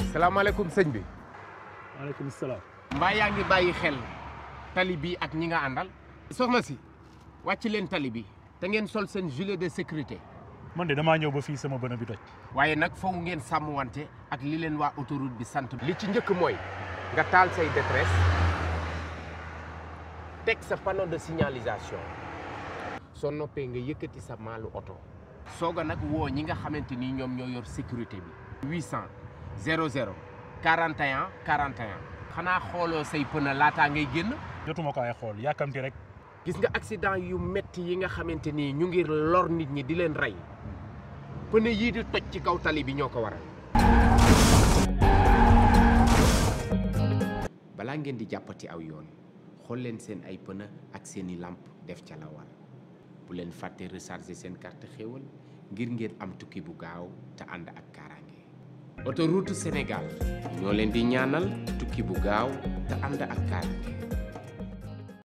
Assalamualaikum sëñ bi. waaleykum salaam. mbaa yaa ngi bàyyi xel tali bi ak ñinga andal soxna si wacc leen tali bi te ngeen sol seen gilet de sécurité. man de dama ñew ba fi sama bëna bi toj. waye nak fo ngeen wante ak li leen wa autoroute bi sante li ci ñëk moy nga taal say détresse tek sa panneau de signalisation soo noppee nga yëkkati sa malu auto soga nak wo ñi nga xamanteni ñom ñoy yor sécurité bi 800 00 41 41 xanaa xooloo say lata laataa ngay genn jotuma ko ay xol yakamti rek gis nga accident yu metti yi nga xamanteni ñu ngir lor nit ñi di leen ray pneu yi di tocc ci kaw tali bi ñoko waral balaa ngeen di jappati aw yoon xool leen seen ay pneu ak seeni làmp def ca la war bu leen fàtte recharger seen carte xéewal ngir ngeen am tukki bu gaaw te ànd ak kaaraange. autoroute Sénégal ñoo leen di ñaanal tukki bu gaaw te ànd ak kaaraange.